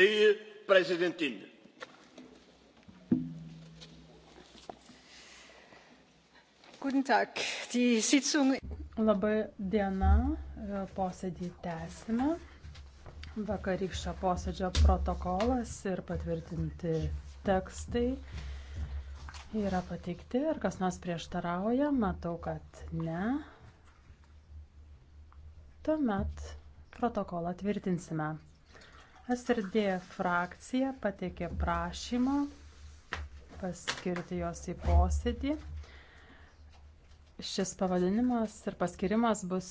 die präsidentin! guten tag! die sitzung. laba diena posėdį tęsime. vakarykščio posėdžio protokolas ir patvirtinti tekstai yra pateikti. ar kas nors prieštarauja? matau, kad ne. tuomet protokolą tvirtinsime. SRD frakcija pateikė prašymą paskirti jos į posėdį. Šis pavadinimas ir paskirimas bus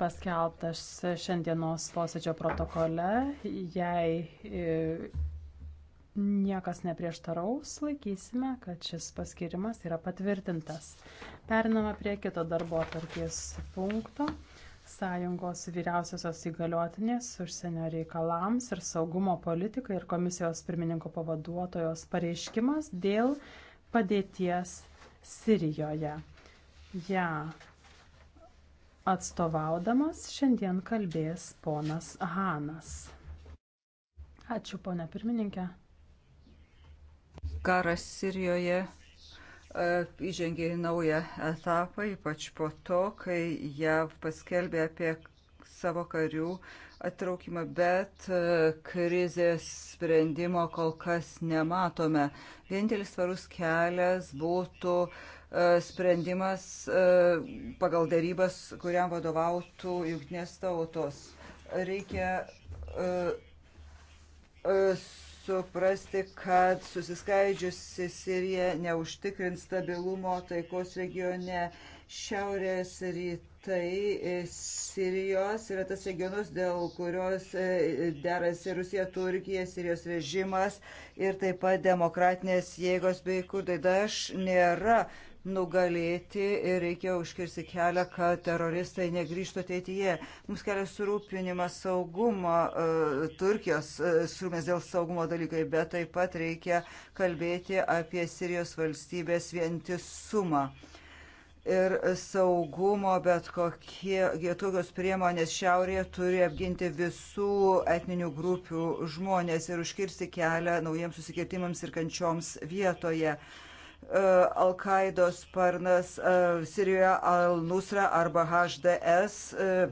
paskelbtas šiandienos posėdžio protokole. Jei e, niekas neprieštaraus, laikysime, kad šis paskirimas yra patvirtintas. Periname prie kito darbo atvarkės punkto. ES vyriausiosios įgaliotinės užsienio reikalams ir saugumo politikai ir komisijos pirmininko pavaduotojos pareiškimas dėl padėties Sirijoje. Ja atstovaudamas šiandien kalbės ponas Hanas. Ačiū, ponė pirmininkė. Karas Sirijoje E, įžengė į naują etapą, ypač po to, kai JAV paskelbė apie savo karių atraukimą, bet e, krizės sprendimo kol kas nematome. Vienintelis svarus kelias būtų e, sprendimas pagal darybas, kuriam vadovautų jungtinės tautos. Reikia suprasti, kad susiskaidžiusi Sirija neužtikrins stabilumo taikos regione. Šiaurės rytai e, Sirijos yra tas regionus, dėl kurios e, derasi Rusija, Turkija, Sirijos režimas ir taip pat demokratinės jėgos bei kurdai. Daž nėra nugalėti ir reikia užkirsti kelią, kad teroristai negryžtų ateityje. Mums kelia surūpinimą saugumo, e, Turkijos e, surūpinės dėl saugumo dalykai, bet taip pat reikia kalbėti apie Sirijos valstybės vientisumą. Ir saugumo, bet kokie tokios priemonės šiaurėje turi apginti visų etninių grupių žmonės ir užkirsti kelią naujiems susikirtimams ir kančioms vietoje. Uh, Al-Qaidos sparnas e, Sirijoje Al-Nusra arba HDS e,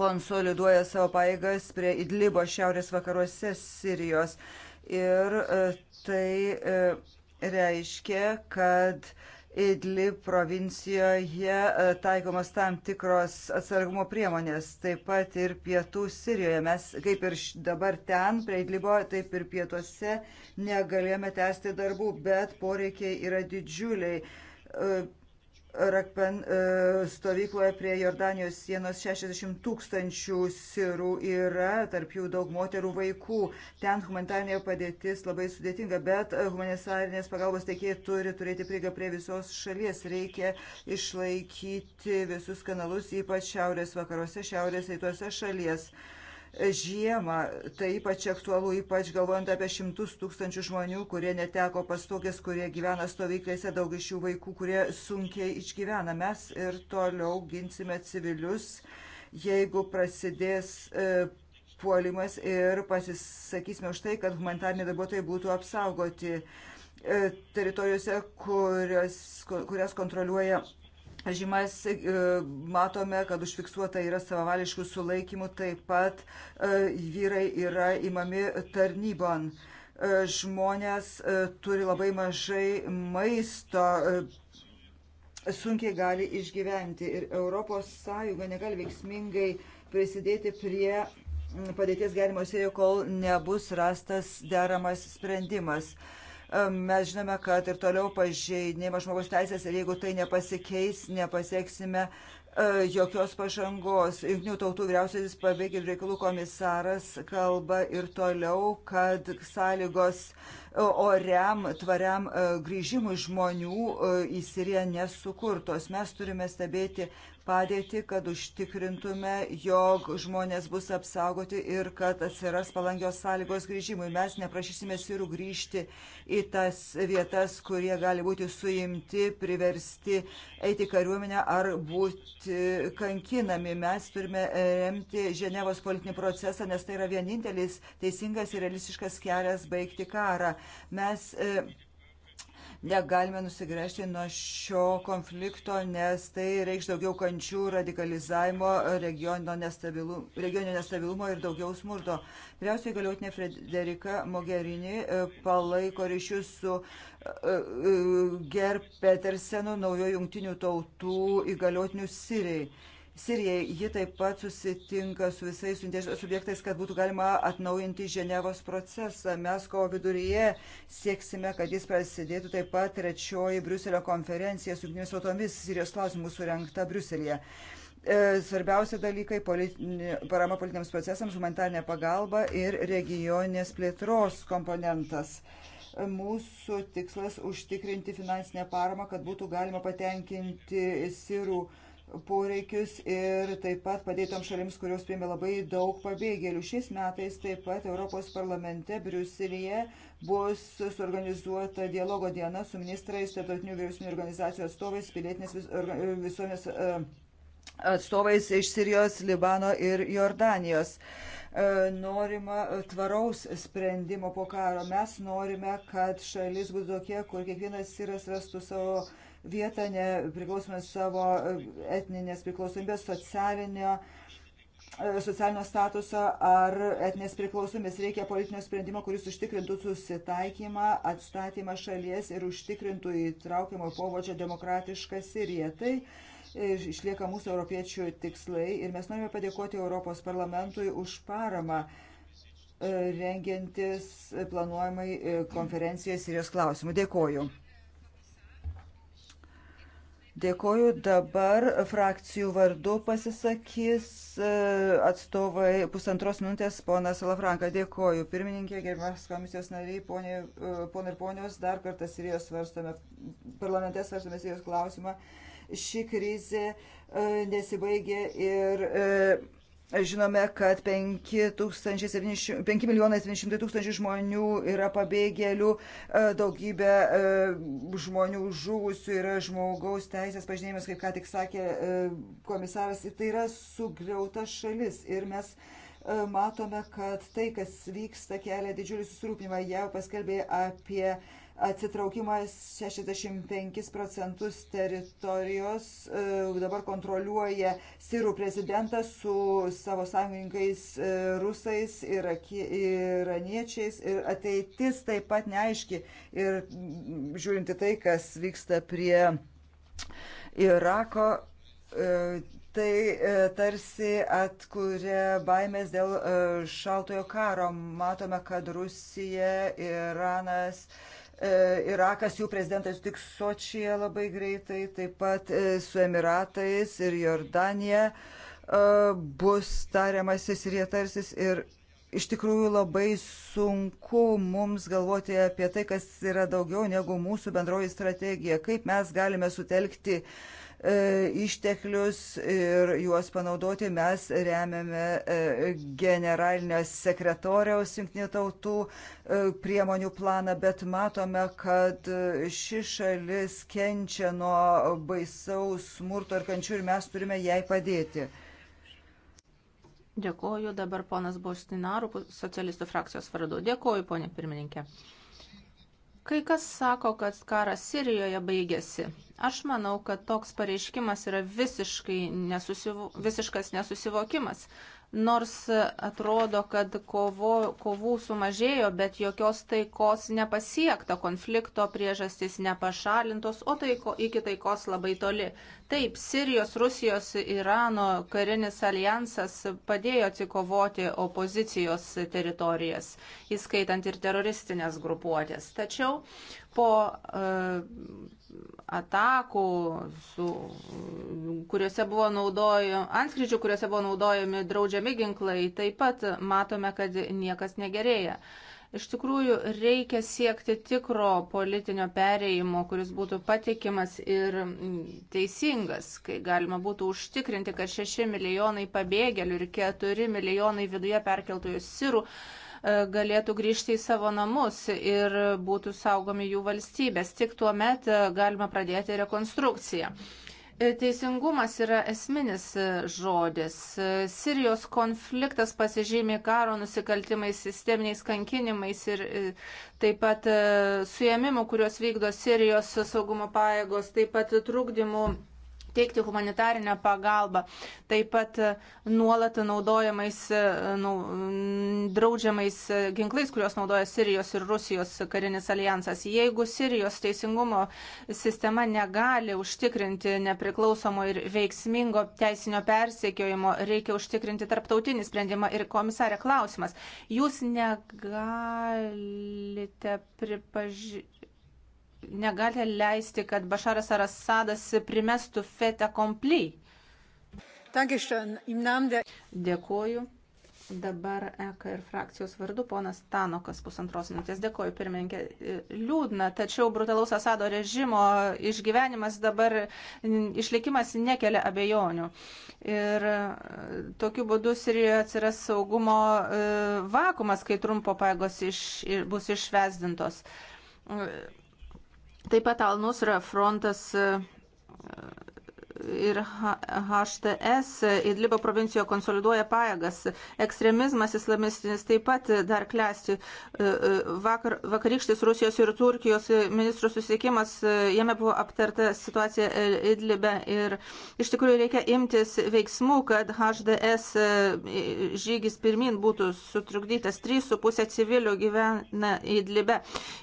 konsoliduoja savo paėgas prie Idlibo šiaurės vakaruose Sirijos. Ir e, tai reiškia, kad uh, Idli provincijoje e, taikomas tam tikros atsargumo priemonės, taip pat ir pietų Sirijoje. Mes kaip ir dabar ten, prie Idlibo, taip ir pietuose negalėjome tęsti darbų, bet poreikiai yra didžiuliai. E, Rakpen e, stovykloje prie Jordanijos sienos 60 tūkstančių sirų yra, tarp jų daug moterų vaikų. Ten humanitarinė padėtis labai sudėtinga, bet humanitarinės pagalbos teikėjai turi turėti prieigą prie visos šalies. Reikia išlaikyti visus kanalus, ypač šiaurės vakaruose, šiaurės rytuose šalies. Uh, žiemą. Tai ypač aktualu, ypač galvojant apie šimtus tūkstančių žmonių, kurie neteko pastogės, kurie gyvena stovyklėse, daug iš jų vaikų, kurie sunkiai išgyvena. Mes ir toliau ginsime civilius, jeigu prasidės. E, puolimas ir pasisakysime už tai, kad humanitariniai darbuotojai būtų apsaugoti e, teritorijose, kurios, kurias kontroliuoja žymas e, matome, kad užfiksuota yra savavališkų sulaikymų, taip pat e, vyrai yra įmami tarnybon. E, žmonės turi labai mažai maisto, sunkiai gali išgyventi ir Europos Sąjunga negali veiksmingai prisidėti prie padėties gerimo sėjo, kol nebus rastas deramas sprendimas. Uh, Mes žinome, kad ir toliau pažeidinėjama žmogaus teisės ir jeigu tai nepasikeis, nepasieksime e, jokios pažangos. Junktinių tautų vyriausiasis pabėgėlių reikalų komisaras kalba ir toliau, kad sąlygos e, oriam, tvariam e, grįžimui žmonių į Siriją nesukurtos. Mes turime stebėti padėtį, kad užtikrintume, jog žmonės bus apsaugoti ir kad atsiras palangios sąlygos grįžimui. Mes neprašysime sirų grįžti į tas vietas, kurie gali būti suimti, priversti eiti kariuomenę ar būti kankinami. Mes turime e, remti Ženevos politinį procesą, nes tai yra vienintelis teisingas ir realistiškas kelias baigti karą. Mes, e, Negalime nusigręžti nuo šio konflikto, nes tai reikš daugiau kančių, radikalizavimo, regioninio nestabilumo, regioninio nestabilumo ir daugiau smurto. Vyriausiai galiotinė Frederika Mogherini e, palaiko ryšius su e, e, Ger Petersenu, naujo jungtinių tautų įgaliotiniu Sirijai. Sirijai. Ji taip pat susitinka su visais suinteresuotais subjektais, kad būtų galima atnaujinti Ženevos procesą. Mes kovo viduryje sieksime, kad jis prasidėtų taip pat trečioji Briuselio konferencija su jungtinėmis tautomis Sirijos klausimų surenkta Briuselėje. Svarbiausia dalykai politinė, parama politiniams procesams, humanitarinė pagalba ir regioninės plėtros komponentas mūsų tikslas užtikrinti finansinę paramą, kad būtų galima patenkinti sirų poreikius ir taip pat padėtam šalims, kurios priėmė labai daug pabėgėlių. Šiais metais taip pat Europos parlamente Briuselėje bus suorganizuota dialogo diena su ministrais, tarptautinių vyriausybinių organizacijų atstovais, pilietinės vis, visuomenės e, atstovais iš Sirijos, Libano ir Jordanijos. E, norima tvaraus sprendimo po karo. Mes norime, kad šalis būtų tokia, kur kiekvienas siras rastų savo vietą, nepriklausomai savo e, etninės priklausomybės, socialinio e, socialinio statuso ar etinės priklausomės. Reikia politinio sprendimo, kuris užtikrintų susitaikymą, atstatymą šalies ir užtikrintų įtraukiamą povodžio demokratišką Siriją. Tai e, išlieka mūsų europiečių tikslai ir mes norime padėkoti Europos parlamentui už paramą rengiantis planuojamai konferencijai Sirijos klausimų. Dėkoju. Dėkoju. Dabar frakcijų vardu pasisakys e, atstovai pusantros minutės ponas Lafranka. Dėkoju. Pirmininkė, gerbiamas komisijos nariai, e, ponai ir ponios, dar kartą Sirijos svarstame, parlamente svarstame Sirijos klausimą. Ši krizė e, nesibaigė ir Žinome, kad 5 milijonai 700 tūkstančių žmonių yra pabėgėlių, e, daugybė e, žmonių žuvusių yra žmogaus teisės pažinėjimas, kaip ką tik sakė e, komisaras. Tai yra sugriauta šalis ir mes matome, kad tai, kas vyksta, kelia didžiulį susirūpinimą. Jau paskelbė apie Atsitraukimas 65 procentus teritorijos e, dabar kontroliuoja Sirų prezidentas su savo sąjungininkais e, rusais, irakie, iraniečiais ir ateitis taip pat neaiški. Ir žiūrinti tai, kas vyksta prie Irako, e, tai tarsi atkuria baimės dėl šaltojo karo. Matome, kad Rusija, Iranas, uh, E, Irakas, jų prezidentas tik Sočyje labai greitai, taip pat e, su Emiratais ir Jordanija e, bus tariamasi Sirija tarsis ir iš tikrųjų labai sunku mums galvoti apie tai, kas yra daugiau negu mūsų bendroji strategija, kaip mes galime sutelkti uh, E, išteklius ir juos panaudoti. Mes remiame e, generalinio sekretoriaus jungtinių tautų e, priemonių planą, bet matome, kad ši šalis kenčia nuo baisaus smurto ir kančių ir mes turime jai padėti. Dėkoju dabar ponas Bostinaru, socialistų frakcijos vardu. Dėkoju, ponė pirmininkė. Kai kas sako, kad karas Sirijoje baigėsi. Aš manau, kad toks pareiškimas yra nesusivo, visiškas nesusivokimas. Nors atrodo, kad kovo, kovų sumažėjo, bet jokios taikos nepasiekta, konflikto priežastys nepašalintos, o taiko, iki taikos labai toli. Taip, Sirijos, Rusijos, Irano karinis alijansas padėjo atsikovoti opozicijos teritorijas, įskaitant ir teroristinės grupuotės. Tačiau po uh, atakų, su, kuriuose buvo naudojami, antskrydžių, kuriuose buvo naudojami draudžiami ginklai, taip pat matome, kad niekas negerėja. Uh, Iš tikrųjų, reikia siekti tikro politinio pereimo, kuris būtų patikimas ir teisingas, kai galima būtų užtikrinti, kad 6 milijonai pabėgėlių ir 4 milijonai viduje perkeltųjų sirų e, galėtų grįžti į savo namus ir būtų saugomi jų valstybės. Tik tuo met e, galima pradėti rekonstrukciją. E, teisingumas yra esminis e, žodis. E, Sirijos konfliktas pasižymė karo nusikaltimais, sisteminiais kankinimais ir taip pat suėmimų, kuriuos vykdo Sirijos saugumo pajėgos, taip pat trukdymų teikti humanitarinę pagalbą, taip pat e, nuolat naudojamais, nu, draudžiamais e, ginklais, kuriuos naudoja Sirijos ir Rusijos karinis alijansas. Jeigu Sirijos teisingumo sistema negali užtikrinti nepriklausomo ir veiksmingo teisinio persiekiojimo, reikia užtikrinti tarptautinį sprendimą. Ir komisarė klausimas, jūs negalite pripažinti negali leisti, kad Bašaras Arasadas primestų fetę komplį. Dėkuoju. Dabar EKR frakcijos vardu ponas Tanokas pusantros minutės. Dėkoju, pirmininkė. Liūdna, tačiau brutalaus Asado režimo išgyvenimas dabar išlikimas nekelia abejonių. Ir tokiu būdu Sirijoje atsiras saugumo e, vakumas, kai trumpo paėgos iš, bus išvesdintos Taip pat Alnusra frontas e, ir HTS Idlibo provincijoje konsoliduoja pajėgas. Ekstremizmas islamistinis taip pat dar klesti. E, e, vakar, vakarykštis Rusijos ir Turkijos ministrų susiekimas, e, jame buvo aptarta situacija Idlibe ir iš tikrųjų reikia imtis veiksmų, kad HDS žygis pirmin būtų sutrukdytas. 3,5 civilių gyvena Idlibe.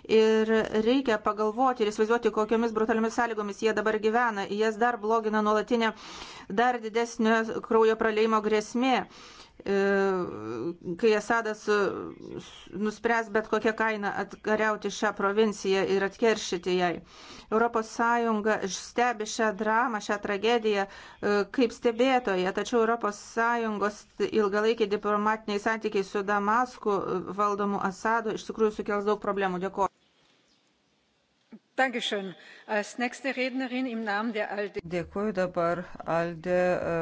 Ir reikia pagalvoti ir įsivaizduoti, kokiamis brutaliomis sąlygomis jie dabar gyvena. Jas dar blogina gyvena nuolatinė dar didesnio kraujo praleimo grėsmė e, kai Asadas e, nuspręs bet kokią kainą atkariauti šią provinciją ir atkeršyti jai. ES stebi šią dramą, šią tragediją e, kaip stebėtoje, tačiau ES ilgalaikiai diplomatiniai santykiai su Damasku valdomu Asadu iš tikrųjų sukels daug problemų. Dėkuoju. Dėkuoju dabar Alde e,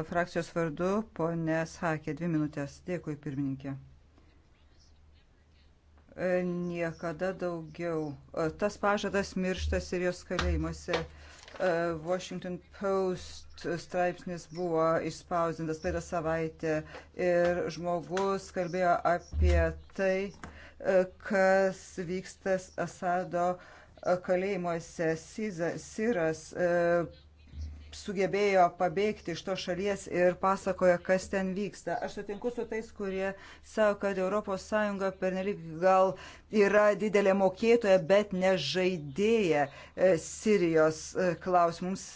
frakcijos vardu, ponė Sakė, dvi minutės. Dėkui, pirmininkė. E, niekada daugiau. E, tas pažadas mirštas ir jos kalėjimuose. Washington Post straipsnis buvo išspausdintas praeitą savaitę ir žmogus kalbėjo apie tai, kas vyksta Asado uh, kalėjimuose Siza, Siras e, sugebėjo pabėgti iš to šalies ir pasakoja, kas ten vyksta. Aš sutinku su tais, kurie savo, kad ES pernelyg gal yra didelė mokėtoja, bet ne žaidėja e, Sirijos e, klausimams.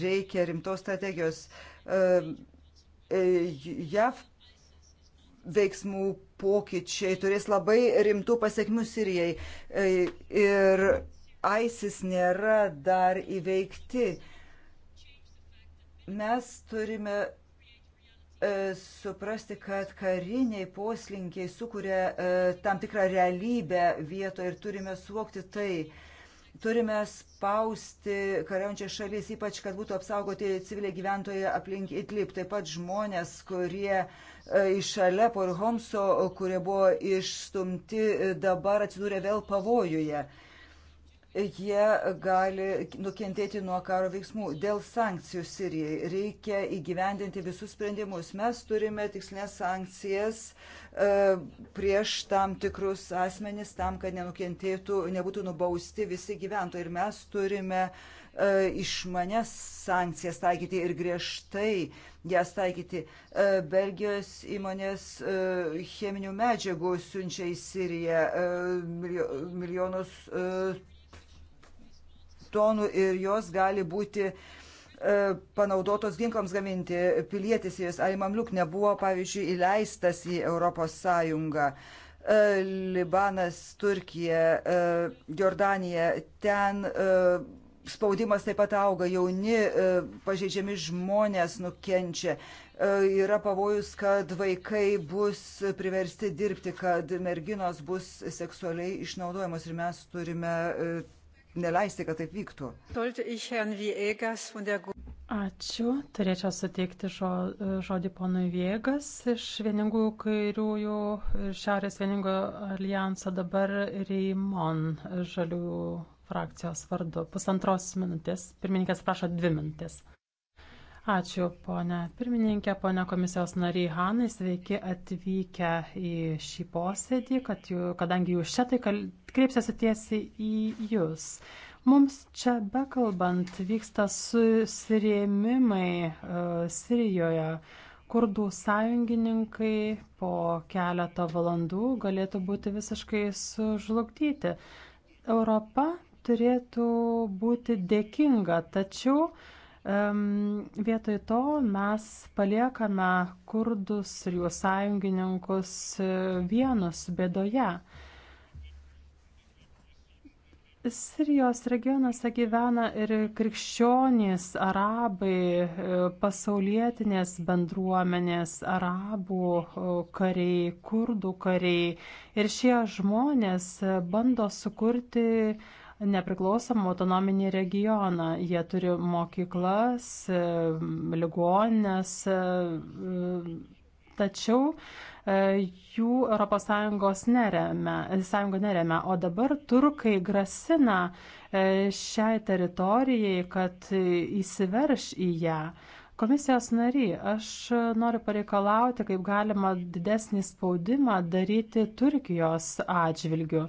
Reikia rimtos strategijos. JAV veiksmų pokyčiai turės labai rimtų pasiekmių Sirijai. Ir ISIS nėra dar įveikti. Mes turime e, suprasti, kad kariniai poslinkiai sukuria e, tam tikrą realybę vietoje ir turime suvokti tai turime spausti kariaujančias šalis, ypač kad būtų apsaugoti civiliai gyventojai aplink Idlib, taip pat žmonės, kurie e, iš Alepo ir Homso, kurie buvo išstumti, dabar atsidūrė vėl pavojuje jie gali nukentėti nuo karo veiksmų. Dėl sankcijų Sirijai reikia įgyvendinti visus sprendimus. Mes turime tikslinės sankcijas e, prieš tam tikrus asmenys, tam, kad nenukentėtų, nebūtų nubausti visi gyventojai. Ir mes turime e, išmanes sankcijas taikyti ir griežtai jas taikyti. E, Belgijos įmonės e, cheminių medžiagų siunčia į Siriją e, milijonus. E, tonų ir jos gali būti e, panaudotos ginklams gaminti. Pilietis jis Aimamliuk nebuvo, pavyzdžiui, įleistas į Europos Sąjungą. E, Libanas, Turkija, e, Jordanija, ten spaudimas taip pat auga, jauni pažeidžiami žmonės nukenčia. Yra pavojus, kad vaikai bus priversti dirbti, kad merginos bus seksualiai išnaudojamos ir mes turime neleisti, kad taip vyktų. Ačiū. Turėčiau suteikti žodį ponui Viegas iš vieningųjų kairiųjų Šiaurės vieningojo alijanso dabar Reimon žaliųjų frakcijos vardu. Pusantros minutės. Pirmininkas prašo dvi minutės. Ačiū, ponė pirmininkė, ponė komisijos nariai Hanai, sveiki atvykę į šį posėdį, kad jų, kadangi jūs čia, tai kreipsiuosi tiesiai į jūs. Mums čia bekalbant vyksta susirėmimai uh, Sirijoje. Kurdų sąjungininkai po keletą valandų galėtų būti visiškai sužlugdyti. Europa turėtų būti dėkinga, tačiau uh, Vietoj to mes paliekame kurdus ir jų sąjungininkus e, vienus bėdoje. Sirijos regionuose gyvena ir krikščionys, arabai, e, pasaulietinės bendruomenės, arabų e, kariai, kurdų kariai. Ir šie žmonės bando sukurti uh, nepriklausomą autonominį regioną. Jie turi mokyklas, e, ligonės, e, tačiau e, jų ES neremia, sąjunga neremia. O dabar turkai grasina šiai teritorijai, kad įsiverš į ją. Komisijos nariai, aš noriu pareikalauti, kaip galima didesnį spaudimą daryti Turkijos atžvilgiu.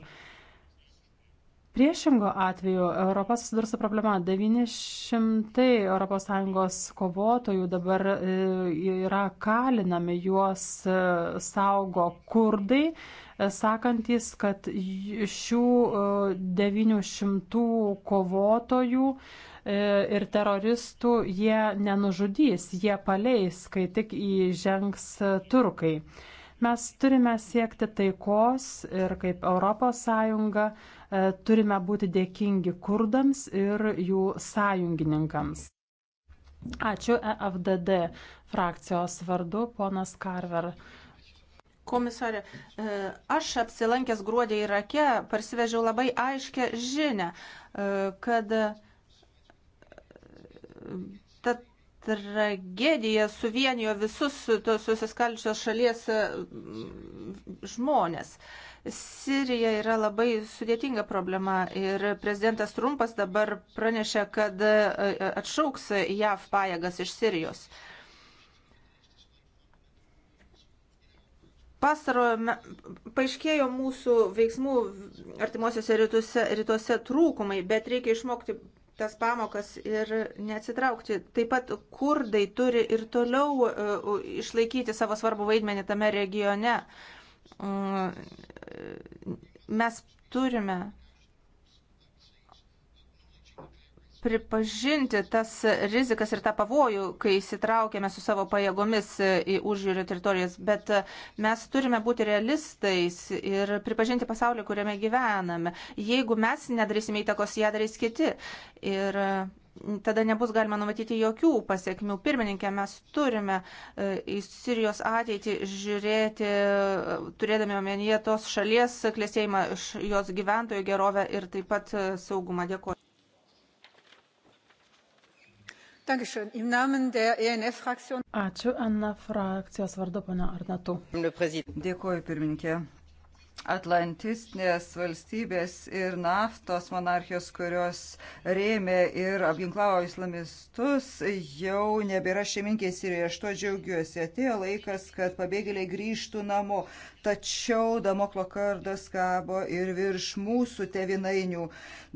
Priešingo atveju Europa susidurs su problema. 900 ES kovotojų dabar e, yra kalinami, juos e, saugo kurdai, e, sakantis, kad šių 900 kovotojų ir teroristų jie nenužudys, jie paleis, kai tik įžengs turkai. Mes turime siekti taikos ir kaip ES E, turime būti dėkingi kurdams ir jų sąjungininkams. Ačiū EFDD frakcijos vardu, ponas Karver. Komisarė, e, aš apsilankęs gruodį Irake parsivežiau labai aiškę žinę, e, kad ta tragedija suvienijo visus tos susiskaldžiusios šalies žmonės. Sirija yra labai sudėtinga problema ir prezidentas Trumpas dabar pranešė, kad e, atšauks JAV pajėgas iš Sirijos. Pastarojo, paaiškėjo mūsų veiksmų artimuosiuose rytuose, rytuose trūkumai, bet reikia išmokti tas pamokas ir neatsitraukti. Taip pat kurdai turi ir toliau e, išlaikyti savo svarbų vaidmenį tame regione. Uh, Mm, mes turime pripažinti tas rizikas ir tą pavojų, kai įsitraukėme su savo pajėgomis į užjūrio teritorijas, bet mes turime būti realistais ir pripažinti pasaulį, kuriame gyvename. Jeigu mes nedarysime įtakos, ją darys kiti. Ir tada nebus galima numatyti jokių pasiekmių. Pirmininkė, mes turime e, į Sirijos ateitį žiūrėti, e, turėdami omenyje tos šalies klėsėjimą, jos gyventojų gerovę ir taip pat e, saugumą. Dėkuoju. Ačiū, Anna frakcijos vardu, pana Arnatu. Dėkuoju, pirmininkė atlantistinės valstybės ir naftos monarchijos, kurios rėmė ir apginklavo islamistus, jau nebėra šeiminkės ir aš to džiaugiuosi. Atėjo laikas, kad pabėgėliai grįžtų namo, tačiau Damoklo kardas kabo ir virš mūsų tevinainių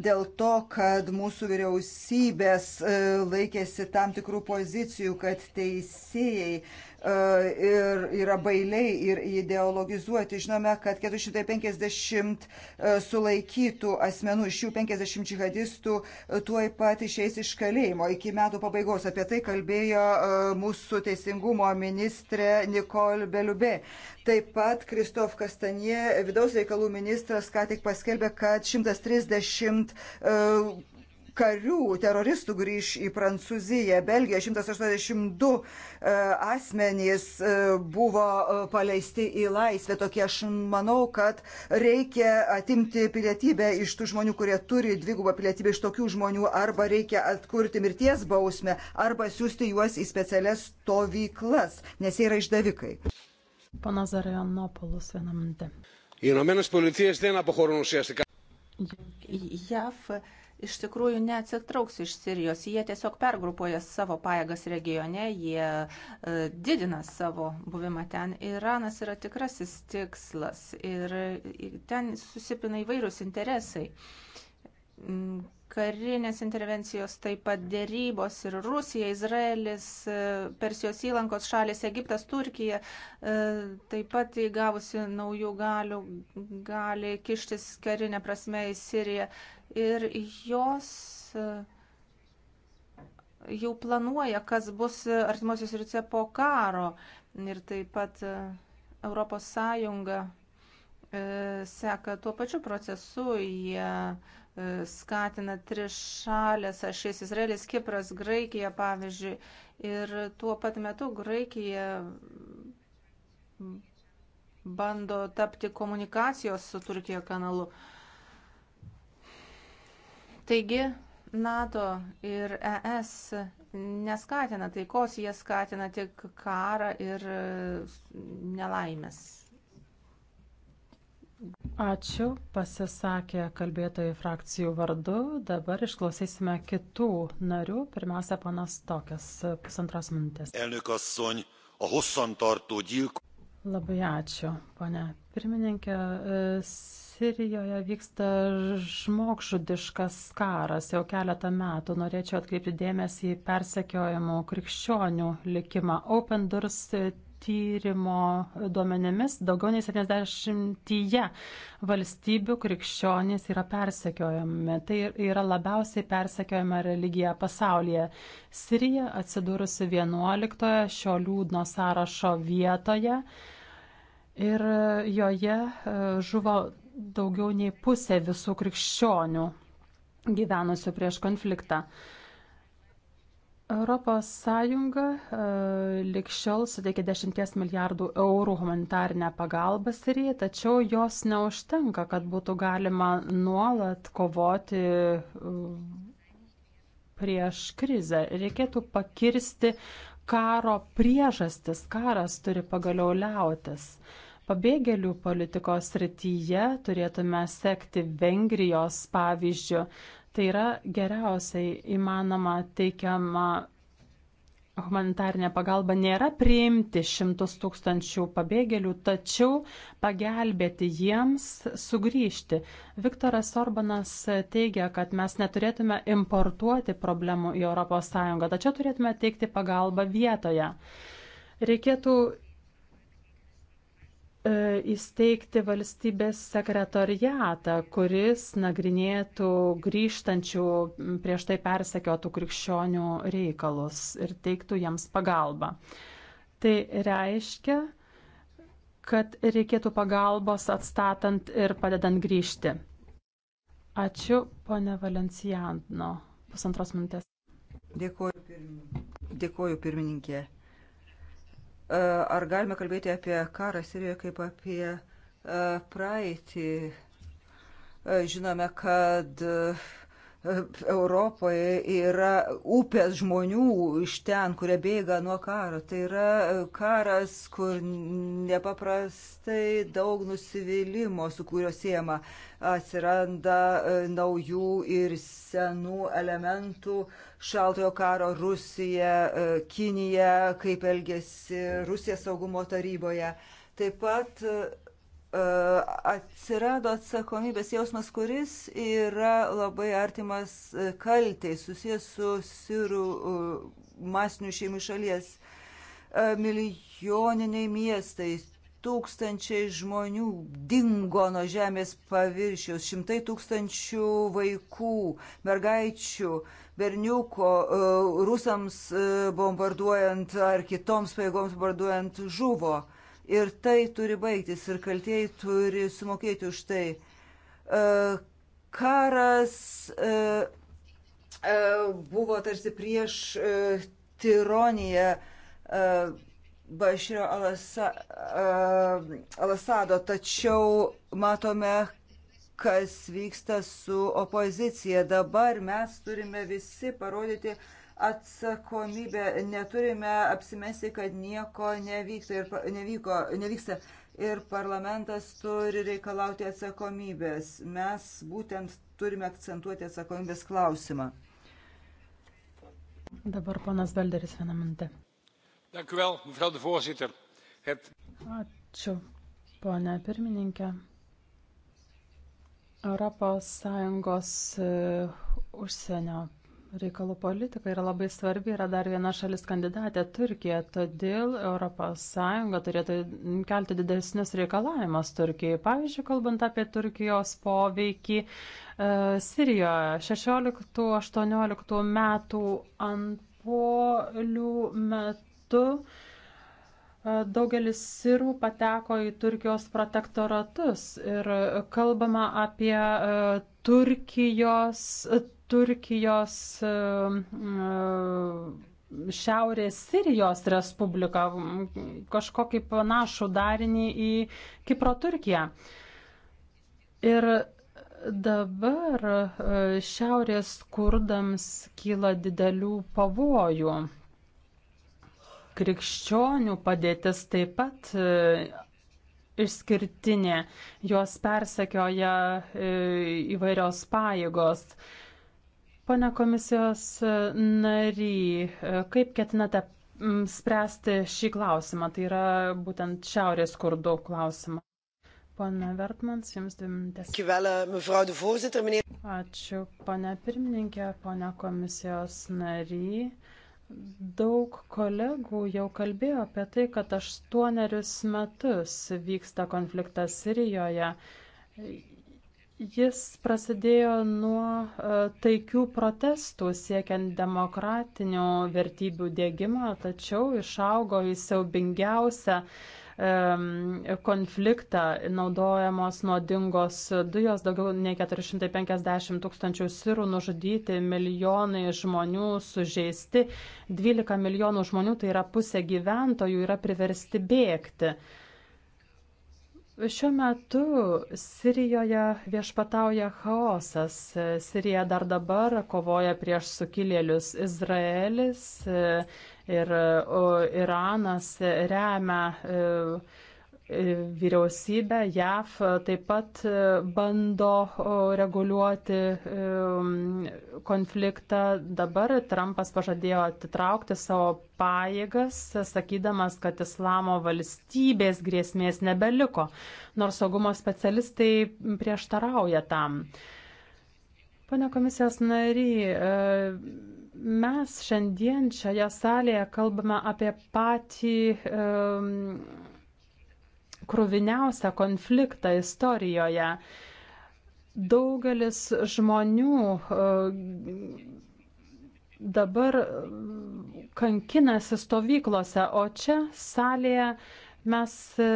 dėl to, kad mūsų vyriausybės e, laikėsi tam tikrų pozicijų, kad teisėjai E, ir yra bailiai ir ideologizuoti. Žinome, kad 450 e, sulaikytų asmenų, iš jų 50 džihadistų e, tuoj pat išeis iš kalėjimo iki metų pabaigos. Apie tai kalbėjo mūsų teisingumo ministrė Nikol Beliubė. Taip pat Kristof Kastanie, vidaus reikalų ministras, ką tik paskelbė, kad 130 karių, teroristų grįž į Prancūziją, Belgiją. 182 e, asmenys e, buvo e, paleisti į laisvę. Tokie aš manau, kad reikia atimti pilietybę iš tų žmonių, kurie turi dvigubą pilietybę iš tokių žmonių, arba reikia atkurti mirties bausmę, arba siūsti juos į specialias stovyklas, nes jie yra išdavikai. Panas Zarianopoulos vieną minutę. Οι Ηνωμένε Πολιτείε δεν αποχωρούν ουσιαστικά. JAV iš tikrųjų neatsitrauks iš Sirijos. Jie tiesiog pergrupuoja savo pajėgas regione, jie e, didina savo buvimą ten. Iranas yra tikrasis tikslas ir ten susipina įvairūs interesai mm, karinės intervencijos, taip pat dėrybos ir Rusija, Izraelis, e, Persijos įlankos šalis, Egiptas, Turkija, e, taip pat įgavusi naujų galių, gali kištis karinę prasme į Siriją. Ir jos e, jau planuoja, kas bus artimuosios rytse po karo. Ir taip pat Europos Sąjunga seka tuo pačiu procesu, jie E, skatina trišalės ašis Izraelis, Kipras, Graikija, pavyzdžiui. Ir tuo pat metu Graikija bando tapti komunikacijos su Turkija kanalu. Taigi, NATO ir ES neskatina taikos, jie skatina tik karą ir nelaimės. Ačiū, pasisakė kalbėtojai frakcijų vardu. Dabar išklausysime kitų narių. Pirmiausia, panas Tokias, pusantros minutės. Elnikasszony, a hosszantartó gyilkos. Labai ačiū, pane pirmininkė. E, Sirijoje vyksta žmogžudiškas karas jau keletą metų. Norėčiau atkreipti dėmesį į persekiojimų krikščionių likimą. Open Doors tyrimo duomenimis daugiau nei 70 valstybių krikščionys yra persekiojami. Tai yra labiausiai persekiojama religija pasaulyje. Sirija atsidūrusi 11 šio liūdno sąrašo vietoje ir joje e, žuvo daugiau nei pusė visų krikščionių gyvenusių prieš konfliktą. Europos Sąjunga e, likščiau suteikė 10 milijardų eurų humanitarinę pagalbą Sirijai, tačiau jos neužtenka, kad būtų galima nuolat kovoti e, prieš krizę. Reikėtų pakirsti karo priežastis. Karas turi pagaliau liautis. Pabėgėlių politikos srityje turėtume sekti Vengrijos pavyzdžių. Tai yra geriausiai įmanoma teikiama humanitarinė pagalba nėra priimti šimtus tūkstančių pabėgėlių, tačiau pagelbėti jiems sugrįžti. Viktoras Orbanas teigia, kad mes neturėtume importuoti problemų į ES, tačiau turėtume teikti pagalbą vietoje. Reikėtų E, įsteigti valstybės sekretariatą, kuris nagrinėtų grįžtančių prieš tai persekiotų krikščionių reikalus ir teiktų jiems pagalbą. Tai reiškia, kad reikėtų pagalbos atstatant ir padedant grįžti. Ačiū, ponė Valenciano. Pusantros minutės. Dėkuoju, pirmin... Dėkuoju pirmininkė. Eh, ar galime kalbėti apie karą Sirijoje kaip apie eh, praeitį? Eh, žinome, kad Europoje yra upės žmonių iš ten, kurie bėga nuo karo. Tai yra e, karas, kur nepaprastai daug nusivylimo, su kurio siema atsiranda e, naujų ir senų elementų šaltojo karo Rusija, e, Kinija, kaip elgėsi Rusija saugumo taryboje. Taip pat E, atsirado atsakomybės jausmas, kuris yra labai artimas e, kaltai, susijęs su sirų e, masinių šeimų šalies. Milijoniniai miestai, tūkstančiai žmonių dingo nuo žemės paviršiaus, šimtai tūkstančių vaikų, mergaičių, berniuko, rusams bombarduojant ar kitoms paėgoms bombarduojant žuvo ir tai turi baigtis ir kaltieji turi sumokėti už tai. E, karas e, e, buvo tarsi prieš tironiją Bašrio Alasado, tačiau matome, kas vyksta su opozicija. Dabar mes turime visi parodyti, uh, atsakomybę, neturime apsimesti, kad nieko nevyksta ir, nevyko, nevyksta. Ir parlamentas turi reikalauti atsakomybės. Mes būtent turime akcentuoti atsakomybės klausimą. Dabar ponas Belderis vieną minutę. Ačiū, ponė pirmininkė. Europos Sąjungos e, užsienio reikalų politika yra labai svarbi, yra dar viena šalis kandidatė - Turkija. Todėl ES turėtų kelti didesnius reikalavimus Turkijai. Pavyzdžiui, kalbant apie Turkijos poveikį e, Sirijoje 16-18 metų antpolių metu. E, daugelis sirų pateko į Turkijos protektoratus ir kalbama apie e, Turkijos, Turkijos um, um, Šiaurės Sirijos Respubliką, kažkokį panašų darinį į Kipro Turkiją. Ir dabar uh, Šiaurės kurdams kyla didelių pavojų. Krikščionių padėtis taip pat uh, išskirtinė, juos persekioja uh, įvairios pajėgos. Pane komisijos nary, kaip ketinate spręsti šį klausimą, tai yra būtent šiaurės kurdų klausimą? Pane Vertmans, jums dvi minutės. Eh, Ačiū, pane pirmininkė, pane komisijos nary. Daug kolegų jau kalbėjo apie tai, kad aštuonerius metus vyksta konfliktas Sirijoje. Jis prasidėjo nuo e, taikių protestų siekiant demokratinių vertybių dėgymą, tačiau išaugo į siaubingiausią konfliktą naudojamos nuodingos dujos, daugiau nei 450 tūkstančių sirų nužudyti, milijonai žmonių sužeisti, 12 milijonų žmonių, tai yra pusė gyventojų, yra priversti bėgti. Šiuo metu Sirijoje viešpatauja chaosas. Sirija dar dabar kovoja prieš sukilėlius. Izraelis ir Iranas remia e, vyriausybė JAV e, taip pat e, bando reguliuoti e, konfliktą. Dabar Trumpas pažadėjo atitraukti savo pajėgas, sakydamas, kad islamo valstybės grėsmės nebeliko, nors saugumo specialistai prieštarauja tam. Pane komisijos nary, mes šiandien šioje salėje kalbame apie patį kruviniausią konfliktą istorijoje. Daugelis žmonių e, dabar kankinasi stovyklose, o čia salėje mes e,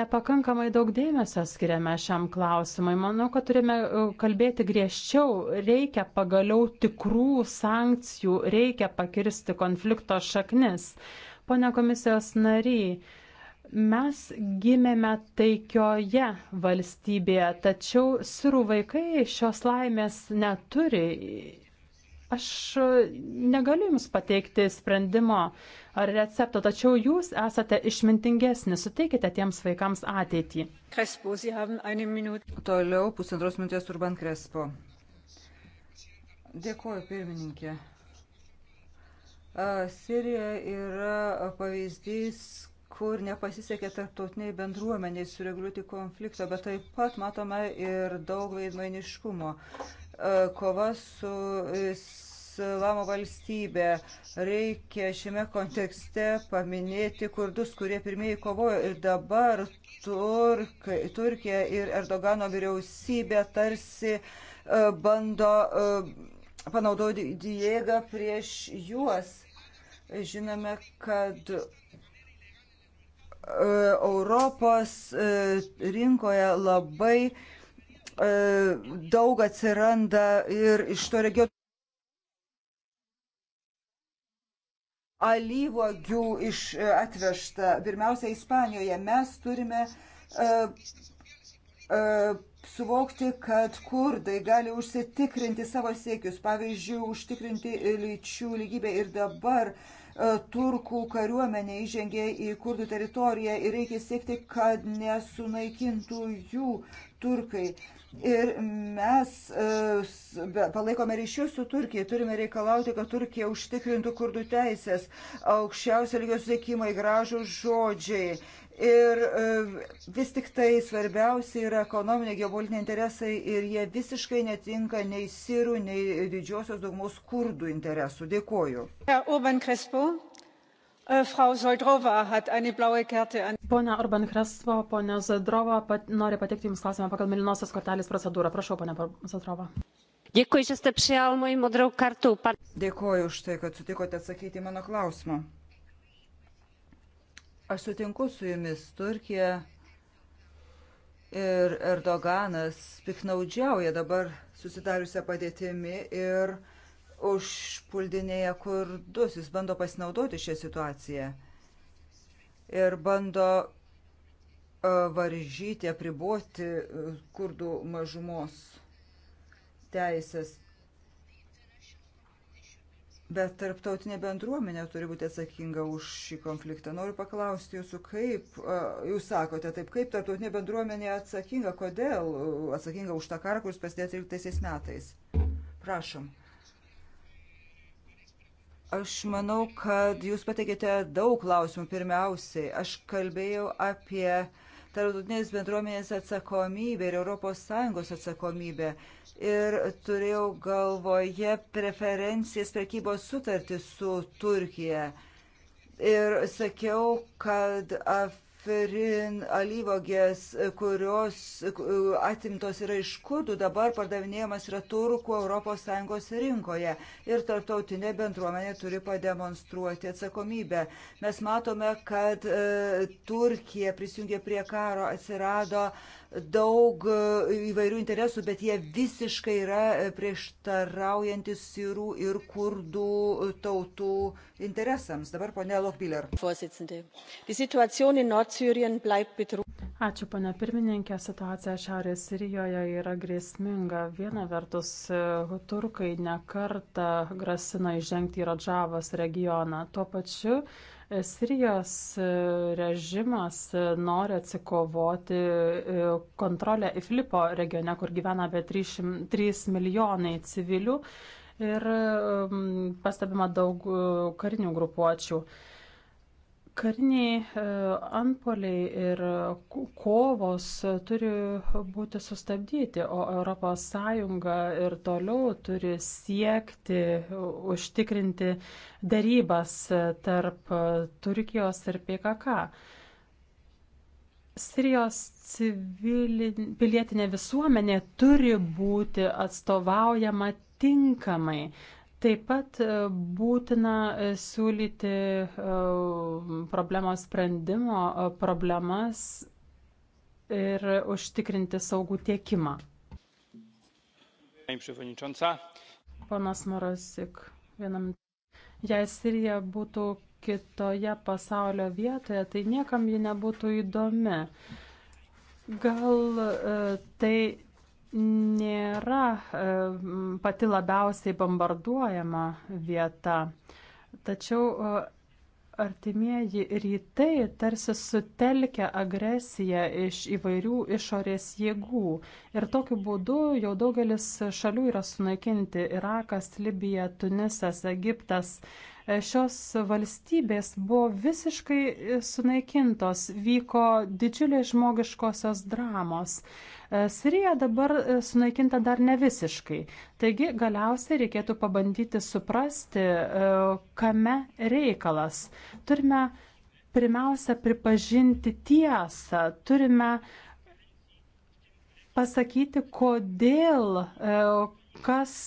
nepakankamai daug dėmesio skiriame šiam klausimui. Manau, kad turime e, kalbėti griežčiau. Reikia pagaliau tikrų sankcijų, reikia pakirsti konflikto šaknis. Pone komisijos nariai, Mes gimėme taikioje valstybėje, tačiau sirų vaikai šios laimės neturi. Aš negaliu Jums pateikti sprendimo ar recepto, tačiau Jūs esate išmintingesni, suteikite tiems vaikams ateitį. Krespo, Toliau pusantros minutės Urban Krespo. Dėkuoju, pirmininkė. Sirija yra pavyzdys, kur nepasisekė tarptautiniai bendruomeniai sureguliuoti konflikto, bet taip pat matome ir daug veidmainiškumo. E, kova su islamo valstybė. Reikia šiame kontekste paminėti kurdus, kurie pirmieji kovojo ir dabar Turkai, Turkija ir Erdogano vyriausybė tarsi e, bando e, panaudoti jėgą prieš juos. Žinome, kad E, Europos e, rinkoje labai e, daug atsiranda ir iš to regiono alyvogių iš atvežta, pirmiausia, Ispanijoje. Mes turime uh, uh, suvokti, kad kurdai gali užsitikrinti savo siekius, pavyzdžiui, užtikrinti lyčių lygybę ir dabar uh, E, turkų kariuomenė įžengė į kurdų teritoriją ir reikia siekti, kad nesunaikintų jų turkai. Ir mes e, palaikome ryšius su Turkija, turime reikalauti, kad Turkija užtikrintų kurdų teisės, aukščiausio lygio susiekimai, gražų žodžiai, Ir e, vis tik tai svarbiausia yra ekonominiai, geopolitiniai interesai ir jie visiškai netinka nei sirų, nei didžiosios daugumos kurdų interesų. Dėkoju. Äh, pone Orban Krespo, pone Zadrova, pat, noriu pateikti Jums klausimą pagal Milinosios kortelės procedūrą. Prašau, pone Zadrova. Dėkui, že ste prijal moji modrau kartu. Dėkoju už tai, kad sutikote atsakyti mano klausimą. Aš sutinku su jumis, Turkija ir Erdoganas piknaudžiauja dabar susidariusią padėtimi ir užpuldinėja kurdus. Jis bando pasinaudoti šią situaciją ir bando varžyti, apriboti kurdų mažumos teisės. Bet tarptautinė bendruomenė turi būti atsakinga už šį konfliktą. Noriu paklausti jūsų, kaip jūs sakote, taip kaip tarptautinė bendruomenė atsakinga, kodėl atsakinga už tą karą, kuris prasidėjo 13 metais. Prašom. Aš manau, kad jūs pateikėte daug klausimų pirmiausiai. Aš kalbėjau apie uh, tarptautinės bendruomenės atsakomybė ir ES atsakomybė. Ir turėjau galvoje preferencijas prekybos sutartį su Turkija. Ir sakiau, kad af, Afrin alyvogės, kurios atimtos yra iš kurdų, dabar pardavinėjamas yra turkų ES rinkoje. Ir tarptautinė bendruomenė turi pademonstruoti atsakomybę. Mes matome, kad e, Turkija prisijungė prie karo, atsirado uh, daug e, įvairių interesų, bet jie visiškai yra e, prieštaraujantis sirų ir kurdų e, tautų interesams. Dabar ponė Lokbiler. Ačiū, ponė pirmininkė. Situacija Šiaurės Sirijoje yra grėsminga. Viena vertus, turkai nekarta grasina įžengti į Rodžavos regioną. Tuo pačiu Sirijos e, režimas e, nori atsikovoti e, kontrolę Iflipo regione, kur gyvena apie 3 milijonai civilių ir pastebima daug karinių grupuočių. Kariniai e, antpoliai ir kovos turi būti sustabdyti, o ES ir toliau turi siekti užtikrinti darybas tarp Turkijos ir PKK. Sirijos civilin, pilietinė visuomenė turi būti atstovaujama tinkamai. Taip pat e, būtina e, siūlyti e, problemos sprendimo problemas ir užtikrinti saugų tiekimą. Ponas Morosik, vienam. Jei Sirija būtų kitoje pasaulio vietoje, tai niekam ji nebūtų įdomi. Gal tai nėra pati labiausiai bombarduojama vieta. Tačiau artimieji rytai tarsi sutelkia agresiją iš įvairių išorės jėgų. Ir tokiu būdu jau daugelis šalių yra sunaikinti - Irakas, Libija, Tunisas, Egiptas. E, šios valstybės buvo visiškai sunaikintos, vyko didžiulės žmogiškosios dramos. E, Sirija dabar e, sunaikinta dar ne visiškai. Taigi galiausiai reikėtų pabandyti suprasti, e, kame reikalas. Turime pirmiausia pripažinti tiesą, turime pasakyti, kodėl kas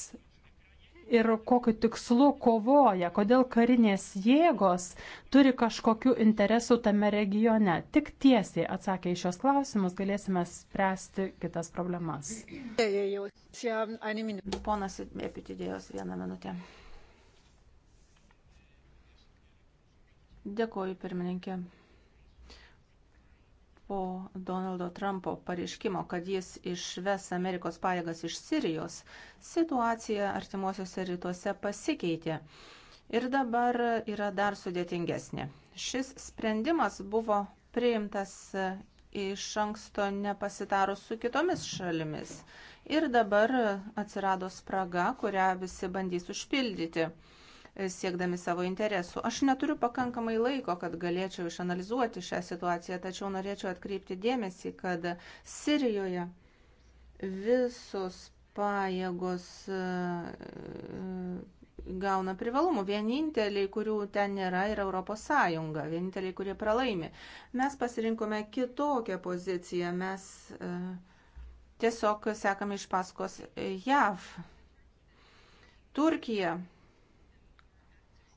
ir kokiu tikslu kovoja, kodėl karinės jėgos turi kažkokiu interesu tame regione. Tik tiesiai atsakę į šios klausimus galėsime spręsti kitas problemas. Ponas Epitidėjos vieną minutę. Dėkuoju, pirmininkė po Donaldo Trumpo pareiškimo, kad jis išves Amerikos pajėgas iš Sirijos, situacija artimuosiuose rytuose pasikeitė ir dabar yra dar sudėtingesnė. Šis sprendimas buvo priimtas iš anksto nepasitarus su kitomis šalimis ir dabar atsirado spraga, kurią visi bandys užpildyti siekdami savo interesų. Aš neturiu pakankamai laiko, kad galėčiau išanalizuoti šią situaciją, tačiau norėčiau atkreipti dėmesį, kad Sirijoje visos pajėgos e, gauna privalumų. Vieninteliai, kurių ten nėra, yra Europos Sąjunga. Vieninteliai, kurie pralaimi. Mes pasirinkome kitokią poziciją. Mes e, tiesiog sekame iš paskos JAV. Turkija